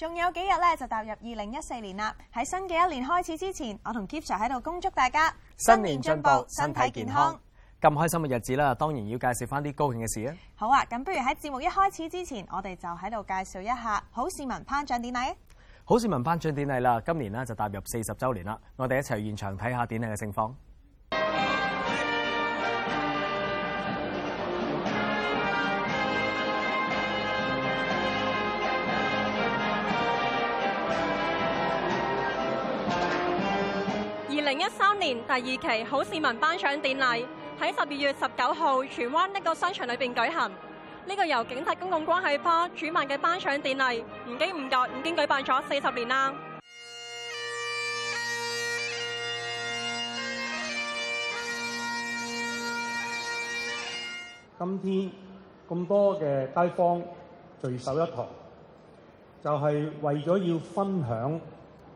仲有幾日咧就踏入二零一四年啦！喺新嘅一年開始之前，我同 Kip Sir 喺度恭祝大家新年進步、體身體健康。咁開心嘅日子啦，當然要介紹翻啲高興嘅事啊。好啊，咁不如喺節目一開始之前，我哋就喺度介紹一下好市民頒獎典禮。好市民頒獎典禮啦，今年呢，就踏入四十周年啦。我哋一齊去現場睇下典禮嘅盛況。今年第二期好市民頒獎典禮喺十二月十九號荃灣一個商場裏邊舉行。呢個由警察公共關係科主辦嘅頒獎典禮，唔經唔覺已經舉辦咗四十年啦。今天咁多嘅街坊聚首一堂，就係為咗要分享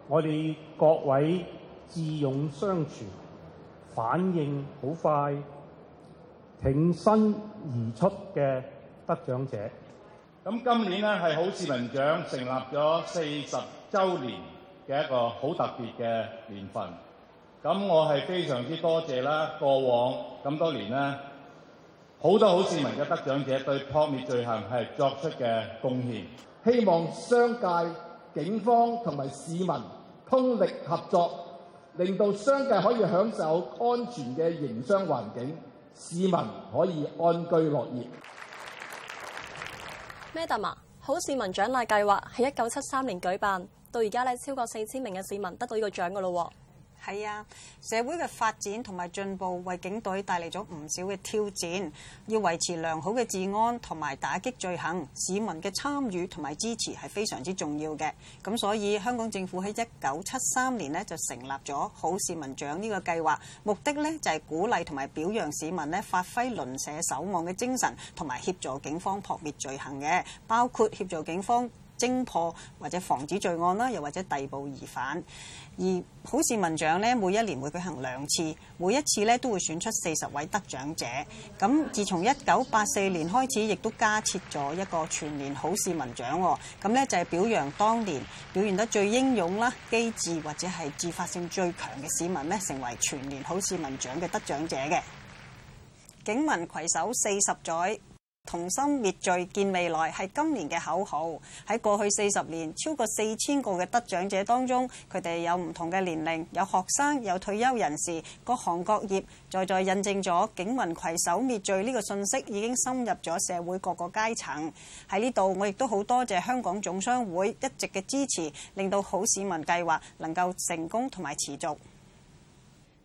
我哋各位。智勇雙全、反應好快、挺身而出嘅得獎者。咁今年咧係好市民獎成立咗四十週年嘅一個好特別嘅年份。咁我係非常之多謝啦，過往咁多年咧，好多好市民嘅得獎者對撲滅罪行係作出嘅貢獻。希望商界、警方同埋市民通力合作。令到商界可以享受安全嘅營商環境，市民可以安居樂業。Madam，好市民獎勵計劃係一九七三年舉辦，到而家咧超過四千名嘅市民得到呢個獎噶啦喎。係啊，社會嘅發展同埋進步，為警隊帶嚟咗唔少嘅挑戰。要維持良好嘅治安同埋打擊罪行，市民嘅參與同埋支持係非常之重要嘅。咁所以香港政府喺一九七三年呢就成立咗好市民獎呢個計劃，目的呢就係、是、鼓勵同埋表揚市民呢發揮鄰舍守望嘅精神，同埋協助警方撲滅罪行嘅，包括協助警方。偵破或者防止罪案啦，又或者逮捕疑犯。而好市民獎呢，每一年會舉行兩次，每一次呢都會選出四十位得獎者。咁自從一九八四年開始，亦都加設咗一個全年好市民獎，哦。咁呢，就係表揚當年表現得最英勇啦、機智或者係自發性最強嘅市民呢，成為全年好市民獎嘅得獎者嘅。警民攜手四十載，同心滅罪，見未來，係今年嘅口號。喺過去四十年，超過四千個嘅得獎者當中，佢哋有唔同嘅年齡，有學生，有退休人士，各行各業在在印證咗警民攜手滅罪呢個信息已經深入咗社會各個階層。喺呢度，我亦都好多謝香港總商會一直嘅支持，令到好市民計劃能夠成功同埋持續。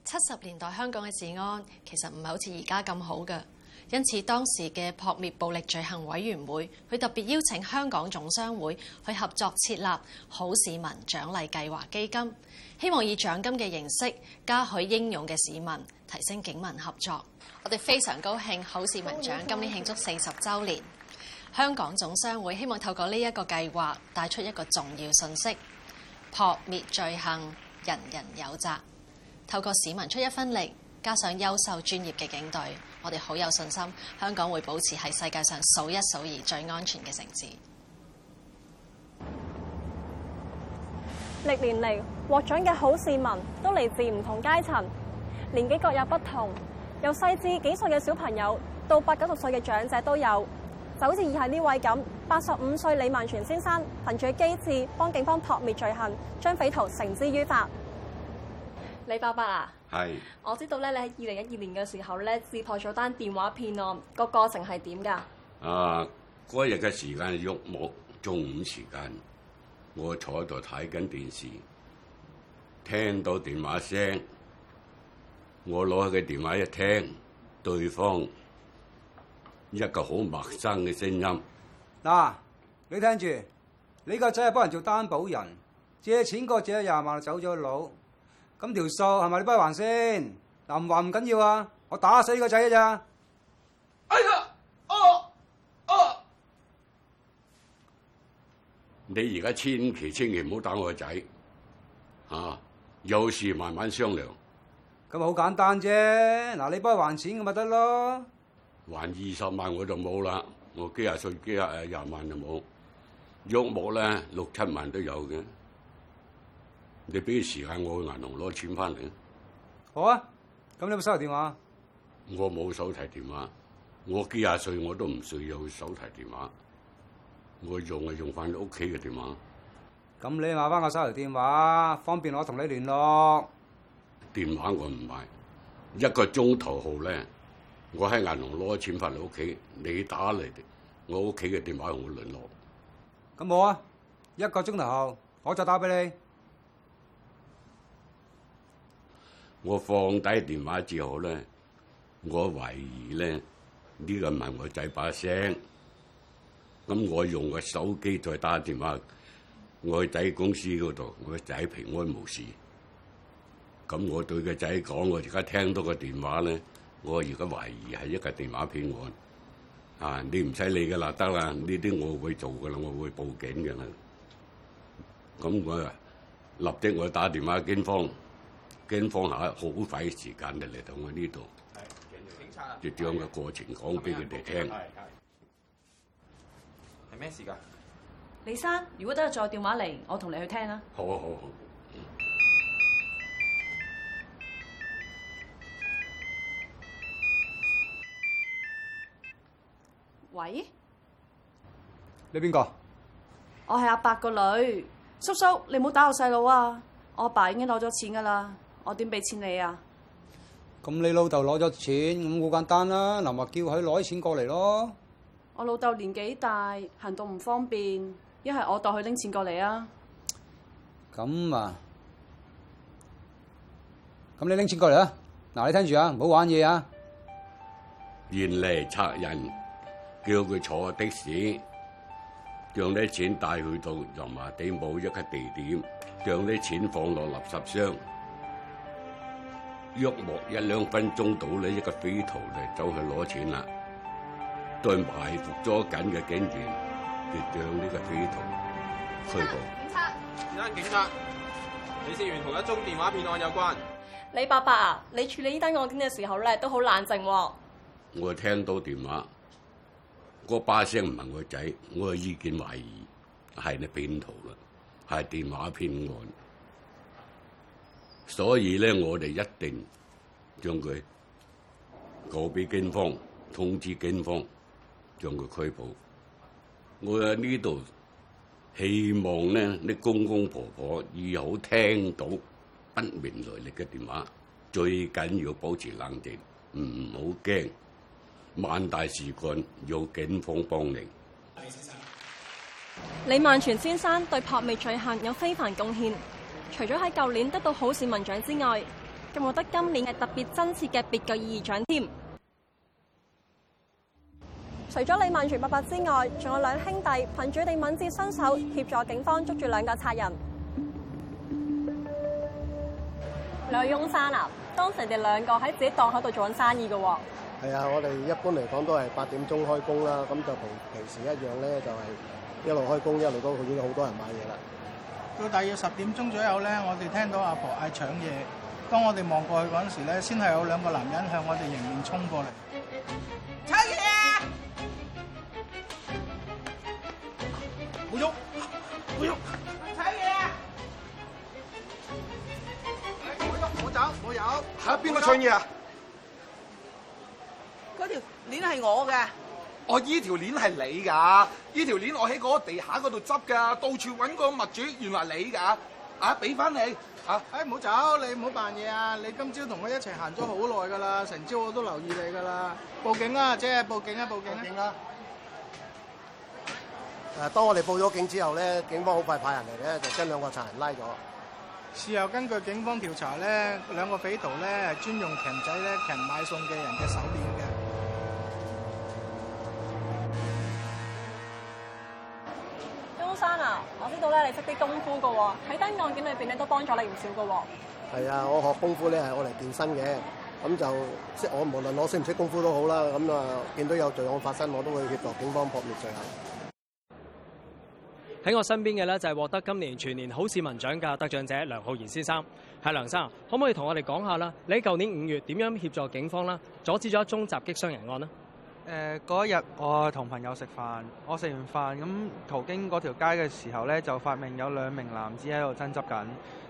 七十年代香港嘅治安其實唔係好似而家咁好嘅。因此當時嘅撲滅暴力罪行委員會，佢特別邀請香港總商會去合作設立好市民獎勵計劃基金，希望以獎金嘅形式嘉許英勇嘅市民，提升警民合作。我哋非常高興，好市民獎今年慶祝四十週年。香港總商會希望透過呢一個計劃帶出一個重要信息：撲滅罪行，人人有責。透過市民出一分力。加上優秀專業嘅警隊，我哋好有信心，香港會保持喺世界上數一數二最安全嘅城市。歷年嚟獲獎嘅好市民都嚟自唔同階層，年紀各有不同，由細至幾歲嘅小朋友到八九十歲嘅長者都有。就好似以下呢位咁，八十五歲李萬全先生憑住機智幫警方撲滅罪行，將匪徒繩之於法。李伯伯啊，係是，我知道咧，你喺二零一二年嘅時候咧，識破咗單電話騙案，個過程係點噶？啊，嗰日嘅時間係約莫，中午時間，我坐喺度睇緊電視，聽到電話聲，我攞佢嘅電話一聽，對方一個好陌生嘅聲音。嗱、啊，你聽住，你個仔係幫人做擔保人，借錢過借廿萬走咗佬。咁條數係咪？你幫佢還先。嗱，唔還唔緊要啊！我打死呢個仔啊！哎呀，哦哦，你而家千祈千祈唔好打我個仔嚇，有事慢慢商量。咁啊，好簡單啫！嗱，你幫佢還錢咁咪得咯？還二十萬我就冇啦，我幾廿歲幾廿廿萬就冇，慾冇咧六七萬都有嘅。你俾個時間我去銀行攞錢翻嚟。好啊，咁你有冇手提電話？我冇手提電話，我幾廿歲我都唔需要手提電話，我用啊用翻屋企嘅電話。咁你買翻個手提電話，方便我同你聯絡。電話我唔買，一個鐘頭後咧，我喺銀行攞咗錢翻嚟屋企，你打嚟，我屋企嘅電話同我聯絡。咁好啊，一個鐘頭後我就打俾你。我放低電話之後咧，我懷疑咧呢個唔係我仔把聲，咁我用個手機再打電話，我仔公司嗰度，我個仔平安無事。咁我對個仔講，我而家聽到個電話咧，我而家懷疑係一個電話騙案。啊，你唔使理嘅啦，得啦，呢啲我會做嘅啦，我會報警嘅啦。咁我立即我打電話警方。警方下好快時間就嚟到我呢度，將個過程講俾佢哋聽。係係係咩事㗎？李生，如果得再電話嚟，我同你去聽啦。好啊，好啊，好啊。喂，你邊個？我係阿伯個女，叔叔你唔好打我細佬啊！我阿爸已經攞咗錢㗎啦。我點俾錢你啊？咁你老豆攞咗錢，咁好簡單啦，啊。嗱，咪叫佢攞啲錢過嚟咯。我老豆年紀大，行動唔方便，一係我代佢拎錢過嚟啊。咁啊，咁你拎錢過嚟啊。嗱，你聽住啊，唔好玩嘢啊。原嚟賊人叫佢坐的士，將啲錢帶去到油麻地某一個地點，將啲錢放落垃圾箱。約莫一兩分鐘到你，一個匪徒就走去攞錢啦。對埋伏咗緊嘅警員，就將呢個匪徒拘捕。警察，你單警察，涉嫌同一宗電話騙案有關。李伯伯啊，你處理呢單案件嘅時候咧，都好冷靜喎、啊。我聽到電話嗰把聲唔係我仔，我意見懷疑係你騙徒啦，係電話騙案。所以咧，我哋一定將佢告俾警方，通知警方將佢拘捕。我喺呢度希望呢啲公公婆婆以後聽到不明來歷嘅電話，最緊要保持冷靜，唔好驚，萬大事幹，要警方幫你。李萬全先生對撲滅罪行有非凡貢獻。除咗喺舊年得到好市民獎之外，仲獲得今年嘅特別真切嘅別個意義獎添。除咗李萬全伯伯之外，仲有兩兄弟憑住哋敏捷身手協助警方捉住兩個賊人。兩傭生啊，當時哋兩個喺自己檔口度做緊生意嘅喎？係啊，我哋一般嚟講都係八點鐘開工啦，咁就同平時一樣咧，就係、是、一路開工一路都已經好多人買嘢啦。到大約十點鐘左右咧，我哋聽到阿婆嗌搶嘢，當我哋望過去嗰陣時咧，先係有兩個男人向我哋迎面衝過嚟東。搶嘢！唔郁，唔郁！搶嘢！我走，我有。係邊個搶嘢啊？嗰條鏈係我嘅。我依條鏈係你㗎，依條鏈我喺嗰個地下嗰度執㗎，到處揾個物主，原來你㗎，啊俾翻你，啊哎唔好走，你唔好扮嘢啊，你今朝同我一齊行咗好耐㗎啦，成朝我都留意你㗎啦，報警啊，即係報警啊，報警啦！誒，當我哋報咗警之後咧，警方好快派人嚟咧，就將兩個賊人拉咗。事後根據警方調查咧，兩個匪徒咧專用鉗仔咧鉗買餸嘅人嘅手段。呢度咧，你識啲功夫噶喎，喺單案件裏邊咧都幫助你唔少噶喎。係啊，我學功夫咧係我嚟健身嘅。咁就即係我無論我識唔識功夫都好啦，咁啊見到有罪案發生，我都會協助警方撲滅罪行。喺我身邊嘅咧就係獲得今年全年好市民獎嘅得獎者梁浩然先生。係梁生，可唔可以同我哋講下啦？你喺舊年五月點樣協助警方啦，阻止咗一宗襲擊傷人案呢？誒嗰一日，呃、我同朋友食飯，我食完飯咁，途經嗰條街嘅時候咧，就發明有兩名男子喺度爭執緊，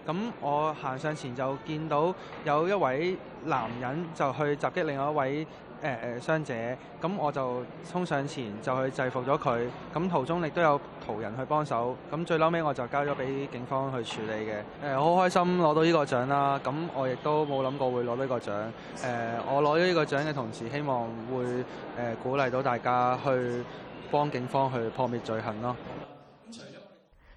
咁我行上前就見到有一位男人就去襲擊另外一位。誒誒、呃呃，傷者咁，我就衝上前就去制服咗佢。咁途中亦都有途人去幫手。咁最嬲尾，我就交咗俾警方去處理嘅。誒、呃，好開心攞到呢個獎啦！咁我亦都冇諗過會攞呢個獎。呃、我攞咗呢個獎嘅同時，希望會、呃、鼓勵到大家去幫警方去破滅罪行咯。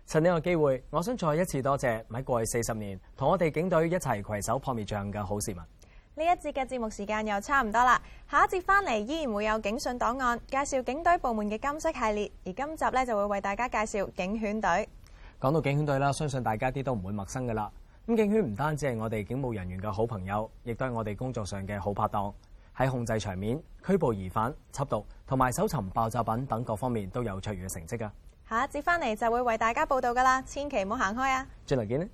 趁呢個機會，我想再一次多謝喺過去四十年同我哋警隊一齊攜手破滅罪行嘅好市民。呢一節嘅節目時間又差唔多啦。下一節翻嚟，依然會有警訊檔案介紹警隊部門嘅金色系列，而今集咧，就會為大家介紹警犬隊。講到警犬隊啦，相信大家啲都唔會陌生噶啦。咁警犬唔單止係我哋警務人員嘅好朋友，亦都係我哋工作上嘅好拍檔。喺控制場面、拘捕疑犯、緝毒同埋搜尋爆炸品等各方面都有卓越嘅成績噶。下一節翻嚟，就會為大家報道噶啦，千祈唔好行開啊！轉頭見。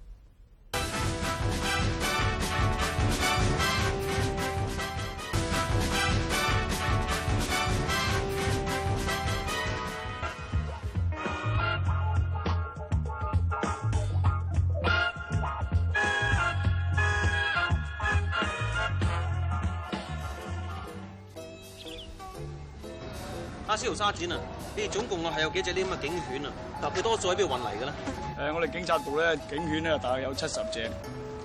司沙展啊，你哋總共啊係有幾隻呢咁嘅警犬啊？特別多數喺邊度運嚟嘅咧？誒，我哋警察部咧警犬咧大概有七十隻，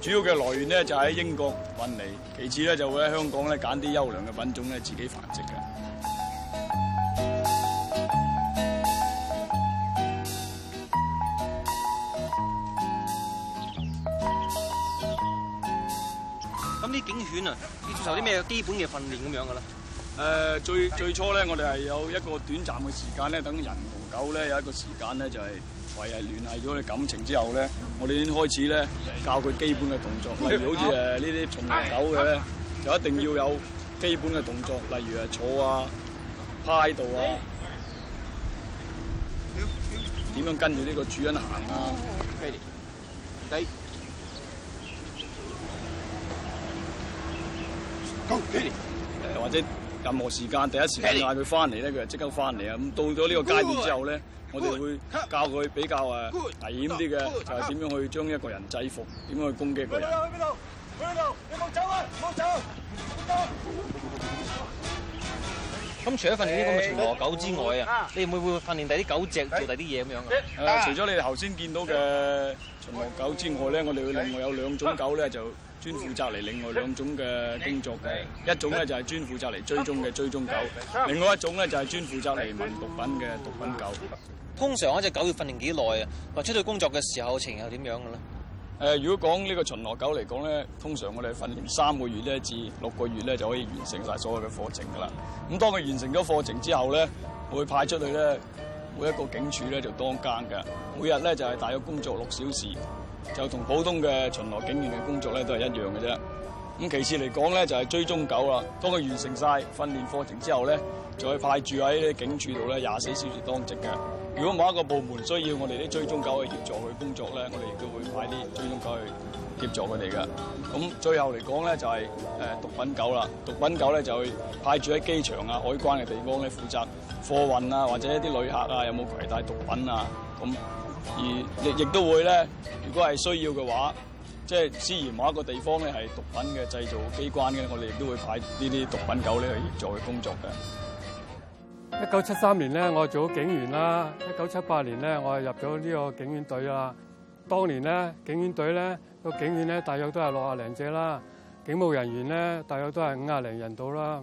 主要嘅來源咧就喺英國運嚟，其次咧就會喺香港咧揀啲優良嘅品種咧自己繁殖嘅。咁啲警犬啊，要接受啲咩基本嘅訓練咁樣嘅咧？誒最最初咧，我哋係有一個短暫嘅時間咧，等人同狗咧有一個時間咧，就係維繫聯繫咗嘅感情之後咧，我哋已經開始咧教佢基本嘅動作，例如好似誒呢啲寵物狗嘅咧，就一定要有基本嘅動作，例如係坐啊、趴喺度啊，點樣跟住呢個主人行啊。係，第一，講，係，誒，我先。任何時間，第一時間嗌佢翻嚟咧，佢就即刻翻嚟啊！咁到咗呢個階段之後咧，我哋會教佢比較誒危險啲嘅，就係點樣去將一個人制服，點樣去攻擊佢人。去邊度？去邊度？你冇走啊！冇走！咁除咗訓練啲咁嘅巡邏狗之外啊，你會唔會訓練第啲狗隻做第啲嘢咁樣嘅？誒，除咗你哋頭先見到嘅巡邏狗之外咧，我哋會另外有兩種狗咧，就專負責嚟另外兩種嘅工作嘅。一種咧就係專負責嚟追蹤嘅追蹤狗，另外一種咧就係專負責嚟聞毒品嘅毒品狗。通常一隻狗要訓練幾耐啊？或出到工作嘅時候情又點樣嘅咧？誒，如果講呢個巡邏狗嚟講咧，通常我哋訓練三個月咧至六個月咧就可以完成晒所有嘅課程㗎喇。咁當佢完成咗課程之後咧，我會派出去咧，每一個警署咧就當更嘅，每日咧就係大約工作六小時，就同普通嘅巡邏警員嘅工作咧都係一樣嘅啫。咁其次嚟講咧就係追蹤狗啦，當佢完成晒訓練課程之後咧，就會派住喺啲警署度咧廿四小時當值嘅。如果某一個部門需要我哋啲追蹤狗去協助去工作咧，我哋亦都會派啲追蹤狗去協助佢哋嘅。咁最後嚟講咧，就係毒品狗啦。毒品狗咧就會派住喺機場啊、海關嘅地方咧負責貨運啊，或者一啲旅客啊有冇攜帶毒品啊。咁而亦亦都會咧，如果係需要嘅話，即係雖然某一個地方咧係毒品嘅製造機關嘅，我哋亦都會派呢啲毒品狗咧去協助去工作嘅。一九七三年咧，我做咗警員啦。一九七八年咧，我入咗呢個警犬隊啦。當年咧，警犬隊咧個警犬咧，大約都係六廿零隻啦。警務人員咧，大約都係五廿零人度啦。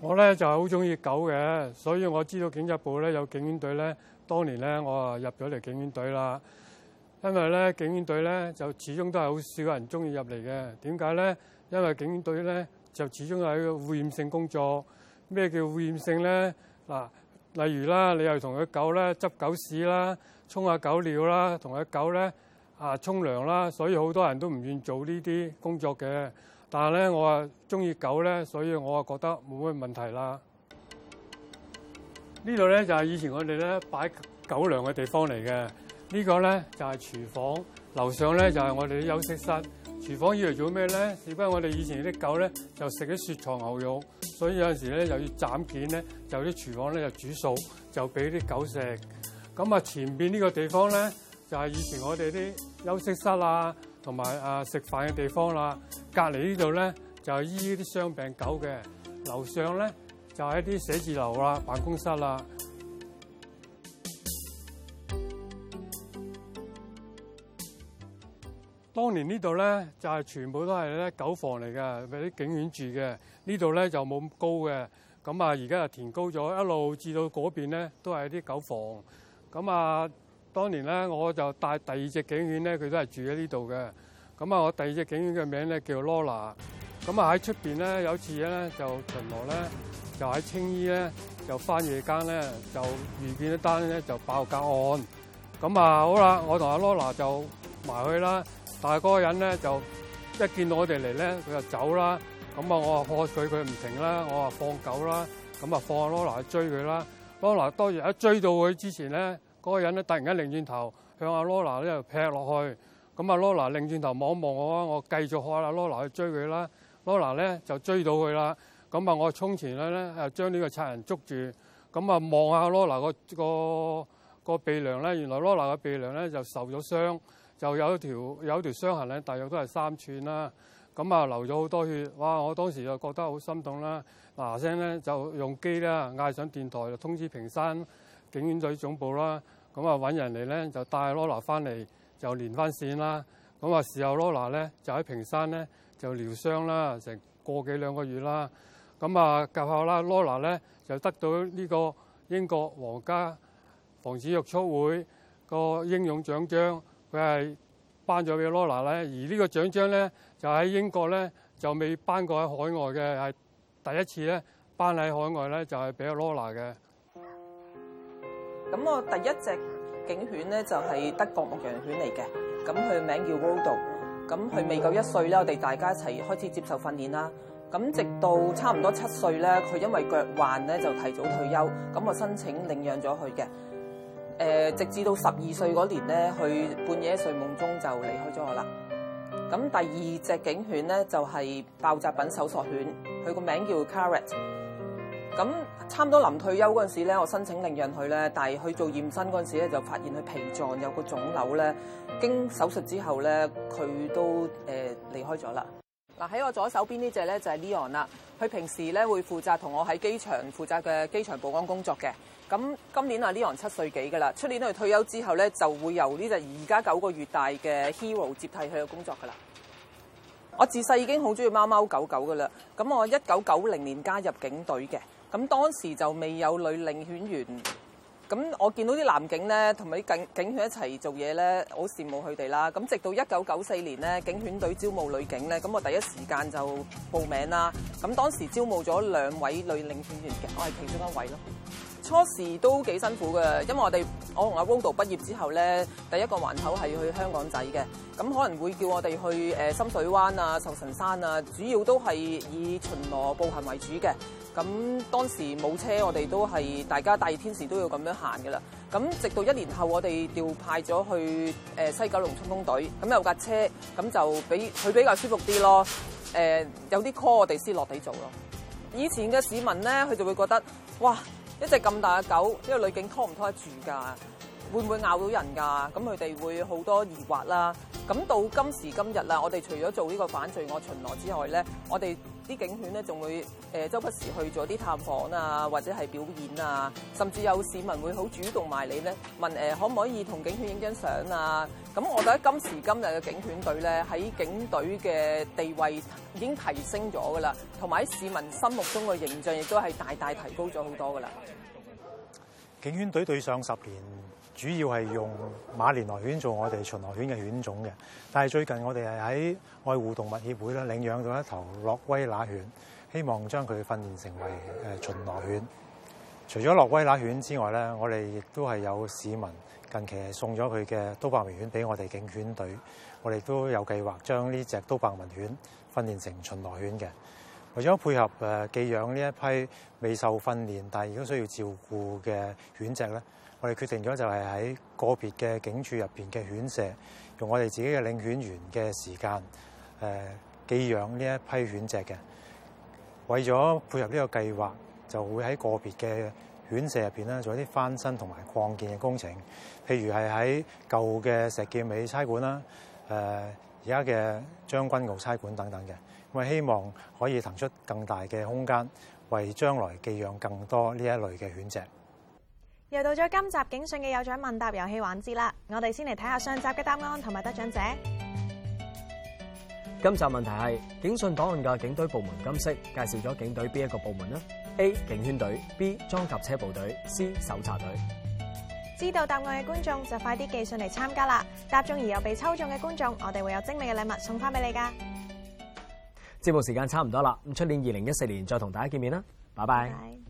我咧就係好中意狗嘅，所以我知道警察部咧有警犬隊咧。當年咧，我啊入咗嚟警犬隊啦。因為咧，警犬隊咧就始終都係好少人中意入嚟嘅。點解咧？因為警犬隊咧就始終係一個污染性工作。咩叫污染性咧？嗱，例如啦，你又同佢狗咧執狗屎啦，沖下狗尿啦，同佢狗咧啊沖涼啦，所以好多人都唔願意做呢啲工作嘅。但係咧，我啊中意狗咧，所以我啊覺得冇乜問題啦。呢度咧就係以前我哋咧擺狗糧嘅地方嚟嘅。呢個咧就係廚房，樓上咧就係我哋休息室。廚房用嚟做咩咧？只不過我哋以前啲狗咧就食啲雪藏牛肉，所以有陣時咧又要斬件咧，就啲廚房咧就煮熟，就俾啲狗食。咁啊，前邊呢個地方咧就係、是、以前我哋啲休息室啊，同埋啊食飯嘅地方啦、啊。隔離呢度咧就係醫啲傷病狗嘅。樓上咧就係、是、一啲寫字樓啦、啊、辦公室啦、啊。當年呢度咧就係、是、全部都係咧狗房嚟嘅，俾啲警犬住嘅。呢度咧就冇咁高嘅。咁啊，而家又填高咗，一路至到嗰邊咧都係啲狗房。咁啊，當年咧我就帶第二隻警犬咧，佢都係住喺呢度嘅。咁啊，我第二隻警犬嘅名咧叫羅娜、啊。咁啊，喺出面咧有次咧就巡邏咧，就喺青衣咧就返夜間咧就遇見一單咧就爆格案。咁啊好啦，我同阿羅娜就埋去啦。但係嗰個人呢，就一見到我哋嚟呢，佢就走啦。咁我話喝佢，佢唔停啦。我話放狗啦，咁啊放阿羅娜去追佢啦。羅娜當然一追到佢之前呢，嗰、嗰個人咧突然間擰轉頭向阿，羅娜呢就劈落去。咁啊，羅娜擰轉頭望一望我，我繼續喝阿羅娜去追佢啦。羅娜呢就追到佢啦。咁啊，我衝前呢，咧，就將呢個賊人捉住。咁啊，望下羅娜個、嗰個個鼻樑呢，原來羅娜個鼻樑呢就受咗傷。就有一條有一條傷痕咧，大約都係三吋啦。咁啊，流咗好多血，哇！我當時就覺得好心痛啦。嗱聲咧就用機啦，嗌上電台就通知屏山警犬隊總部啦。咁啊，揾人嚟咧就帶 Lola 翻嚟，就連翻線啦。咁啊，事後 Lola 咧就喺屏山咧就療傷啦，成個幾兩個月啦。咁啊，及後啦，Lola 咧就得到呢個英國皇家防止虐畜會個英勇獎章。佢係頒咗俾羅娜咧，Lola，而呢個獎章咧就喺英國咧就未頒過喺海外嘅，係第一次咧頒喺海外咧就係俾羅娜嘅。咁我第一隻警犬咧就係、是、德國牧羊犬嚟嘅，咁佢名叫 Rodo，咁佢未夠一歲啦，我哋大家一齊開始接受訓練啦。咁直到差唔多七歲咧，佢因為腳患咧就提早退休，咁我申請領養咗佢嘅。誒，直至到十二歲嗰年咧，佢半夜睡夢中就離開咗我啦。咁第二隻警犬咧，就係、是、爆炸品搜索犬，佢個名叫 Carrot。咁差唔多臨退休嗰陣時咧，我申請領養佢咧，但係去做驗身嗰陣時咧，就發現佢脾臟有個腫瘤咧。經手術之後咧，佢都誒離、呃、開咗啦。嗱，喺我左手邊呢隻咧就係、是、Leon 啦，佢平時咧會負責同我喺機場負責嘅機場保安工作嘅。咁今年呢，Leon 七歲幾噶啦？出年佢退休之後咧，就會由呢隻而家九個月大嘅 Hero 接替佢嘅工作噶啦。我自細已經好中意貓貓狗狗噶啦。咁我一九九零年加入警隊嘅，咁當時就未有女領犬員。咁我見到啲男警咧同埋啲警警犬一齊做嘢咧，好羨慕佢哋啦。咁直到一九九四年咧，警犬隊招募女警咧，咁我第一時間就報名啦。咁當時招募咗兩位女領犬員嘅，我係其中一位咯。初時都幾辛苦嘅，因為我哋我同阿 Wondo 畢業之後咧，第一個環口係去香港仔嘅，咁可能會叫我哋去深水灣啊、壽臣山啊，主要都係以巡邏步行為主嘅。咁當時冇車，我哋都係大家大熱天時都要咁樣行噶啦。咁直到一年後，我哋調派咗去西九龍衝鋒隊，咁有架車，咁就比佢比較舒服啲咯。有啲 call 我哋先落地做咯。以前嘅市民咧，佢就會覺得哇～一隻咁大嘅狗，呢個女警拖唔拖得住㗎？會唔會咬到人㗎？咁佢哋會好多疑惑啦。咁到今時今日啦，我哋除咗做呢個反罪惡巡邏之外咧，我哋。啲警犬咧仲會誒、呃、周不時去做啲探訪啊，或者係表演啊，甚至有市民會好主動埋你咧問誒、呃、可唔可以同警犬影張相啊？咁我覺得今時今日嘅警犬隊咧喺警隊嘅地位已經提升咗噶啦，同埋喺市民心目中嘅形象亦都係大大提高咗好多噶啦。警犬隊對上十年。主要係用馬連來犬做我哋巡邏犬嘅犬種嘅，但係最近我哋係喺愛護動物協會咧領養到一頭洛威拿犬，希望將佢訓練成為誒巡邏犬。除咗洛威拿犬之外咧，我哋亦都係有市民近期係送咗佢嘅都柏文犬俾我哋警犬隊，我哋都有計劃將呢隻都柏文犬訓練成巡邏犬嘅。為咗配合誒寄養呢一批未受訓練但係亦都需要照顧嘅犬隻咧。我哋決定咗就係喺個別嘅警署入邊嘅犬舍，用我哋自己嘅領犬員嘅時間，誒、呃、寄養呢一批犬隻嘅。為咗配合呢個計劃，就會喺個別嘅犬舍入邊啦，做一啲翻新同埋擴建嘅工程。譬如係喺舊嘅石劍尾差館啦，誒而家嘅將軍澳差館等等嘅。咁啊，希望可以騰出更大嘅空間，為將來寄養更多呢一類嘅犬隻。又到咗今集警訊嘅有獎問答遊戲環節啦，我哋先嚟睇下上集嘅答案同埋得獎者。今集問題係警訊檔案嘅警隊部門，今集介紹咗警隊邊一個部門呢？A 警犬隊，B 裝甲車部隊，C 搜查隊。知道答案嘅觀眾就快啲寄信嚟參加啦！答中而又被抽中嘅觀眾，我哋會有精美嘅禮物送翻俾你噶。節目時間差唔多啦，咁出年二零一四年再同大家見面啦，拜拜。